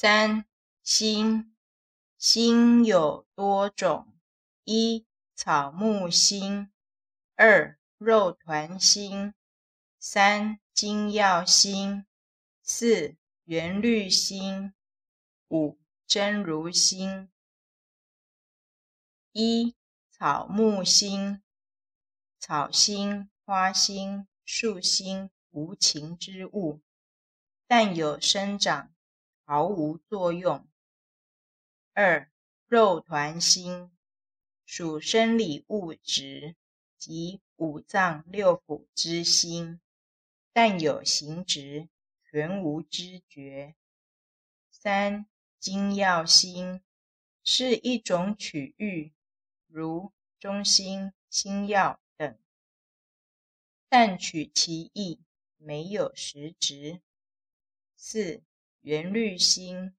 三心，心有多種：一草木心，二肉團心，三精要心，四緣慮心，五真如心。一草木心，草心、花心、樹心，無情之物，但有生長。毫無作用。二、肉團心屬生理物質，即五臟六腑之心，但有形質，全無知覺。三、精要心是一種取喻，如中心、心要等，但取其意，沒有實質。四、緣慮，心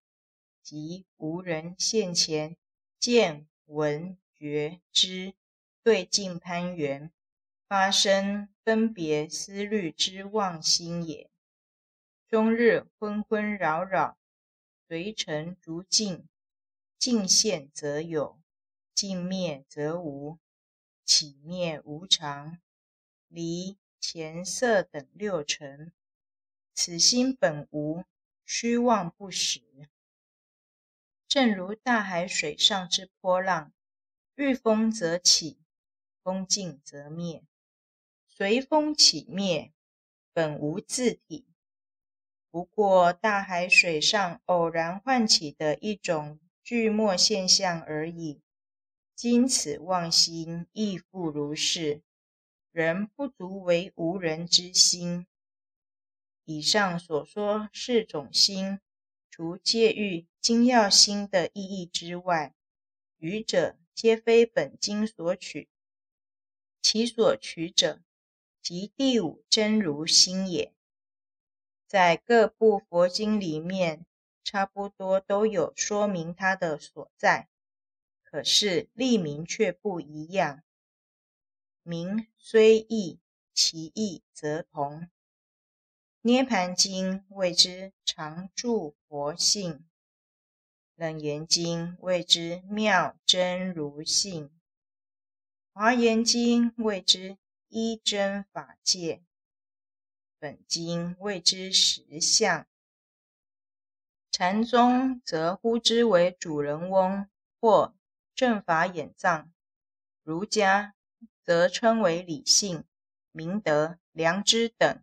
即無人現前見聞覺知，對境攀緣，發生分別思慮之妄心也。終日昏昏擾擾，隨塵逐境，境現則有，境滅則無，起滅無常，離前色等六塵，此心本無。虛妄不實，正如大海水上之波浪，遇風則起，風靜則滅，隨風起滅，本無自體，不過大海水上偶然喚起的一種聚沫現象而已。今此妄心亦復如是，人不足為無人之心。以上所說四種心，除借喻精要心的意義之外，餘者皆非本經所取。其所取者，即第五真如心也。在各部佛經裡面，差不多都有說明它的所在，可是立名卻不一樣。名雖異，其義則同。《涅槃經》謂之常住佛性，《楞嚴經》謂之妙真如性，《華嚴經》謂之一真法界，《本經》謂之實相。禪宗則呼之為主人翁或正法眼藏；儒家則稱為理性、明德、良知等。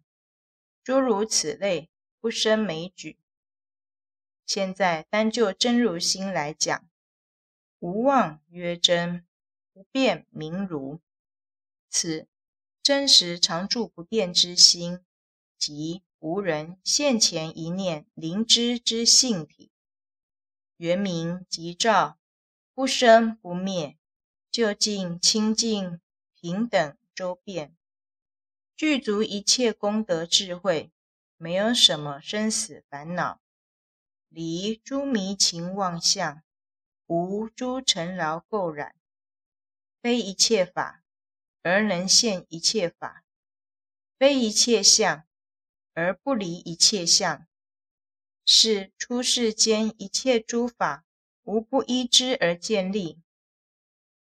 諸如此類，不勝枚舉。現在單就真如心來講，無妄曰真，不變名如。此真實常住不變之心，即吾人現前一念靈知之性體，圓明寂照，不生不滅，究竟清淨平等周遍，具足一切功德智慧，沒有什麼生死煩惱，離諸迷情妄相，無諸塵勞垢染，非一切法而能現一切法，非一切相而不離一切相，是出世間一切諸法無不依之而建立。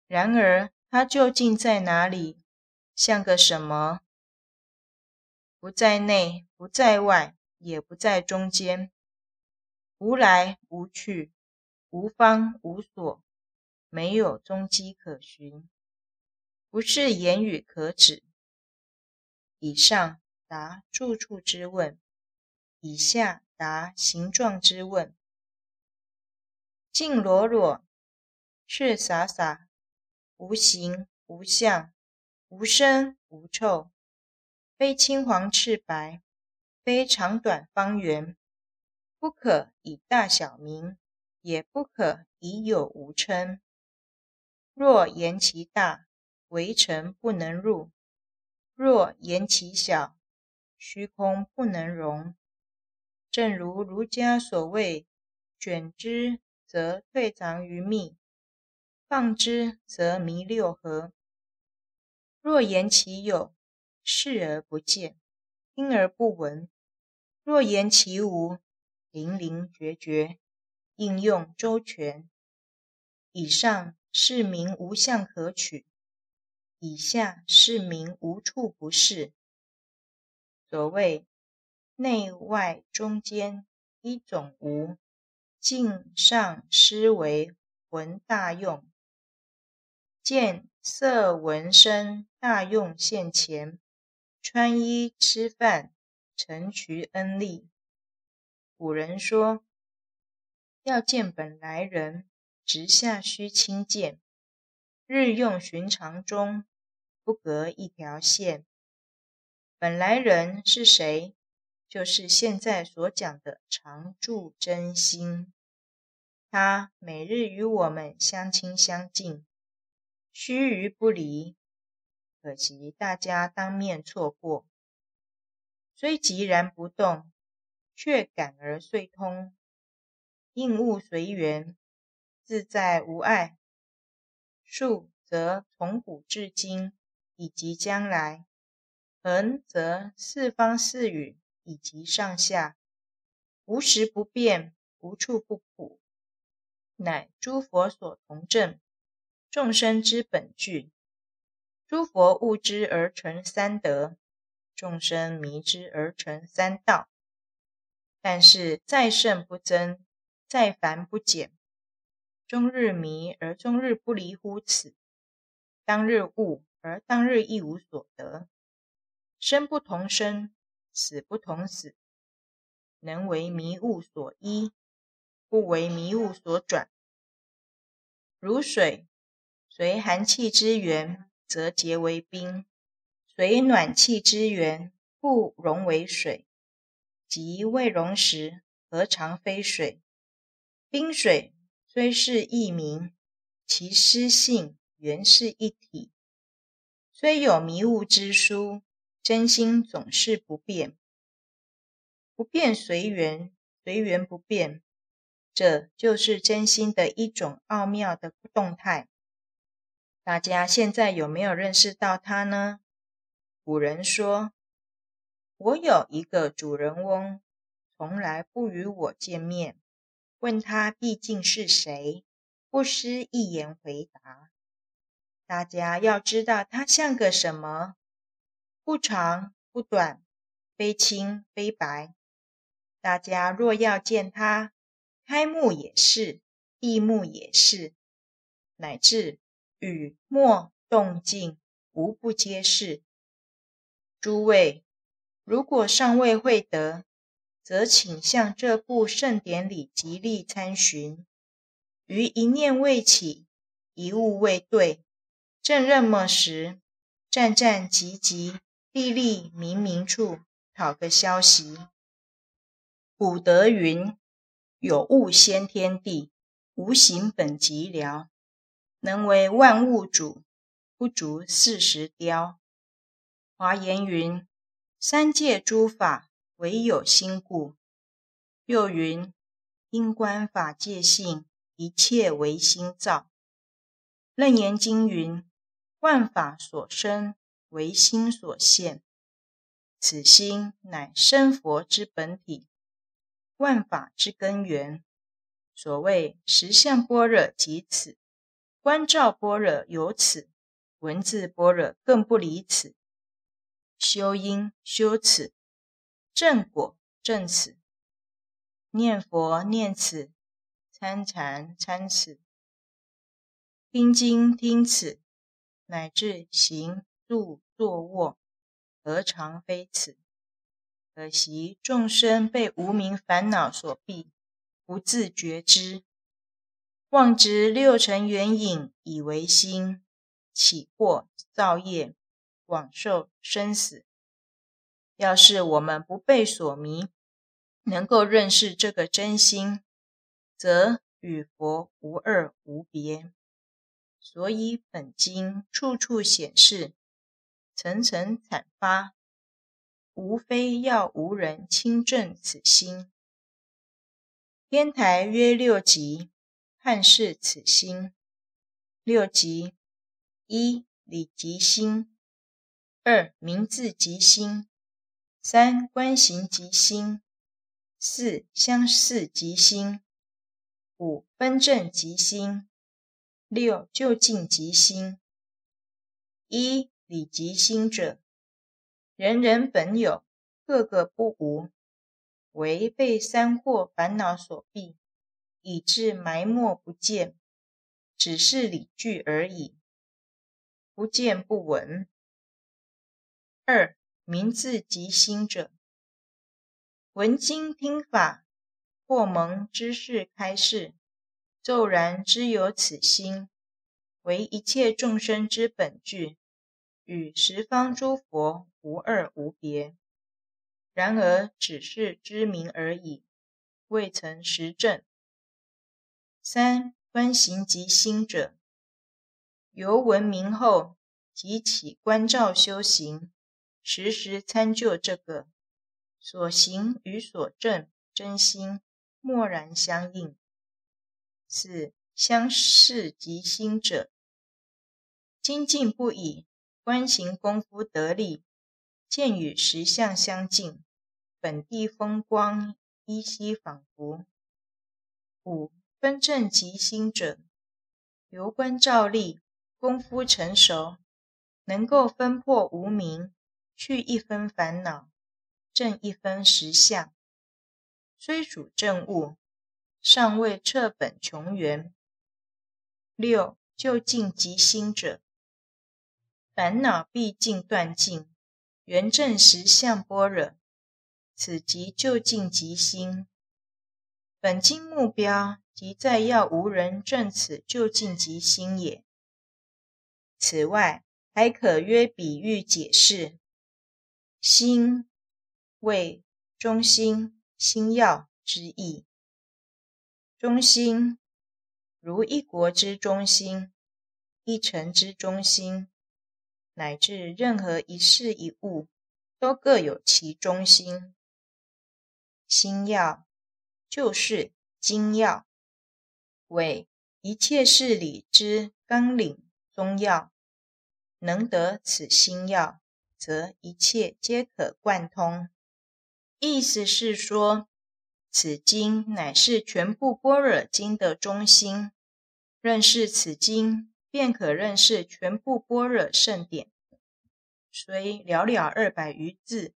然而，它究竟在哪裡？像個什麼？不在內，不在外，也不在中間。無來無去，無方無所，沒有蹤跡可尋，不是言語可指。以上答住處之問，以下答形狀之問。淨裸裸，赤灑灑，無形無相，無聲無臭。非青黃赤白，非長短方圓，不可以大小名，也不可以有無稱。若言其大，微塵不能入；若言其小，虛空不能容。正如儒家所謂：“卷之則退藏於密，放之則彌六合。”若言其有，視而不見，聽而不聞。若言其無，靈靈覺覺；應用周全。以上是名無相可取，以下是名無處不是。所謂內外中間一種無，境上施為聞大用，見色聞聲大用現前。穿衣吃飯，承渠恩力。古人說：“要見本來人，直下須親見。日用尋常中，不隔一條線。”本來人是誰？就是現在所講的常住真心。他每日與我們相親相近，須臾不離。可惜大家當面錯過。雖寂然不動，卻感而遂通，應物隨緣，自在無礙。豎則從古至今，以及將來；橫則四方四隅，以及上下，無時不變，無處不普。乃諸佛所同證，眾生之本具。諸佛悟之而成三德，眾生迷之而成三道。但是在聖不增，在凡不減，終日迷而終日不離乎此，當日悟而當日亦無所得。生不同生，死不同死，能為迷悟所依，不為迷悟所轉。如水隨寒氣之源，則結為冰，隨暖氣之源，不融為水，即未融時，何嘗非水？冰水雖是異名，其濕性原是一體。雖有迷悟之殊，真心總是不變。不變隨緣，隨緣不變，這就是真心的一種奧妙的動態。大家現在有沒有認識到他呢？古人說：“我有一個主人翁，從來不與我見面。問他畢竟是誰，不失一言回答。大家要知道他像個什麼？不長不短，非青非白。大家若要見他，開目也是，閉目也是，乃至。”語默動靜，無不皆是。諸位，如果尚未會得，則請向這部聖典裡極力參尋。於一念未起，一物未對，正任麼時，戰戰兢兢，歷歷明明處，討個消息。古德雲：有物先天地，無形本寂寥。能為萬物主，不足四時雕。華嚴雲：三界諸法，唯有心故。又雲：因觀法界性，一切唯心造。楞嚴經云：萬法所生，唯心所現。此心乃生佛之本體，萬法之根源。所謂實相般若，即此。觀照般若由此，文字般若更不離此。修因修此，正果正此。念佛念此，參禪參此，聽經聽此，乃至行住坐臥，何嘗非此？可惜眾生被無明煩惱所蔽，不自覺知。妄執六塵緣影以為心，起惑造業，枉受生死。要是我們不被所迷，能夠認識這個真心，則與佛無二無別。所以本經處處顯示，層層闡發，無非要無人親證此心。天台約六級。今釋此心，六即：一理即心，二名字即心，三觀行即心，四相似即心，五分證即心，六究竟即心。一理即心者，人人本有，個個不無，唯被三惑煩惱所蔽。以致埋沒不見，只是理據而已，不見不聞。二、名字即心者，聞經聽法，或蒙知識開示，驟然知有此心，為一切眾生之本具，與十方諸佛無二無別。然而只是知名而已，未曾實證。三、觀行即心者，由聞名後即起觀照修行，時時參究這個所行與所證真心默然相應。四、相似即心者，精進不已，觀行功夫得力，見與實相相近，本地風光依稀仿佛。五。分證即心者，由觀照力功夫成熟，能夠分破無明，去一分煩惱，證一分實相。雖屬證悟，尚未徹本窮源。六、究竟即心者，煩惱畢竟斷盡，圓證實相般若，此即究竟即心。本經目標。即在要無人證此，究竟即心也。此外，還可約比喻解釋：心為中心、心要之意。中心如一國之中心、一城之中心，乃至任何一事一物，都各有其中心。心要就是精要。為一切事理之綱領宗要，能得此心要，則一切皆可貫通。意思是說，此經乃是全部般若經的中心，認識此經，便可認識全部般若聖典。雖寥寥二百餘字，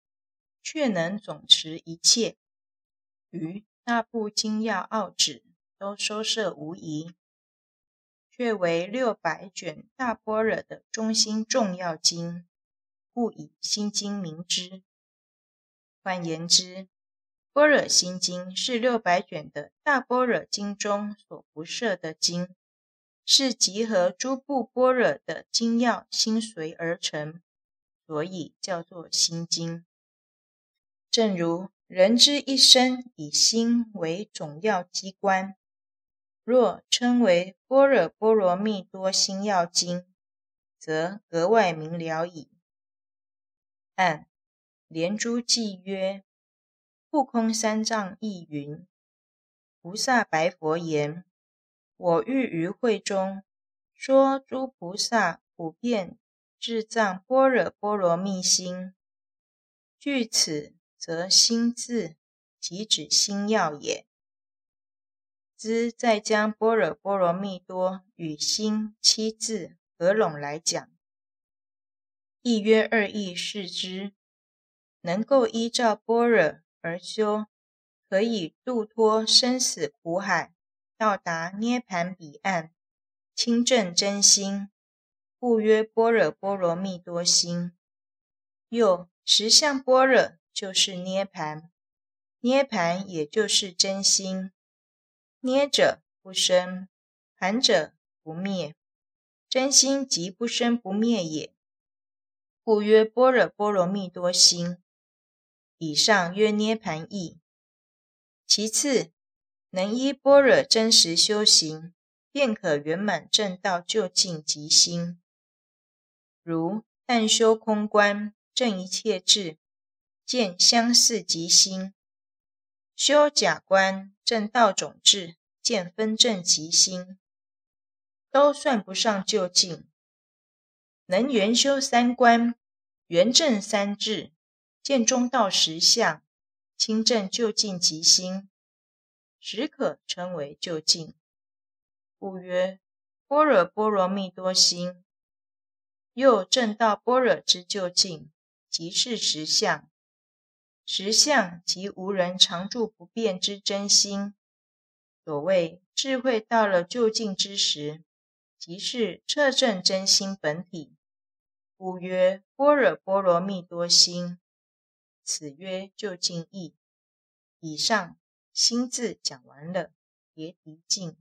卻能總持一切。於大部經要奧旨。都收攝無遺，卻為六百卷大般若的中心重要經，故以心經名之。換言之，般若心經是六百卷的大般若經中所不攝的經，是集合諸部般若的經要心髓而成，所以叫做心經。正如人之一生以心為總要機關。若稱為《般若波羅蜜多心要經》，則格外明了矣。按《蓮珠記》曰：“不空三藏亦云，菩薩白佛言：‘我欲於會中說諸菩薩普遍智藏般若波羅蜜心。’據此，則心字即指心要也。”茲再將“般若波羅蜜多”與“心”七字合攏來講，一約二義是之，能夠依照般若而修，可以度脫生死苦海，到達涅槃彼岸，親證真心，故曰“般若波羅蜜多心”。又實相般若就是涅槃，涅槃也就是真心。捏者不生，槃者不滅，真心即不生不滅也，故曰般若波羅蜜多心。以上曰涅槃義。其次，能依般若真實修行，便可圓滿正道，究竟即心。如但修空觀，證一切智，見相似即心。修假觀、正道種智、見分正即心，都算不上究竟。能圓修三觀、圓正三智、見中道實相、親證究竟即心，始可稱為究竟。故曰：般若波羅蜜多心，又正道般若之究竟，即是實相。實相即無人常住不變之真心。所謂智慧到了究竟之時，即是徹證真心本體，故曰般若波羅蜜多心。此曰究竟義，以上心字講完了，別提勁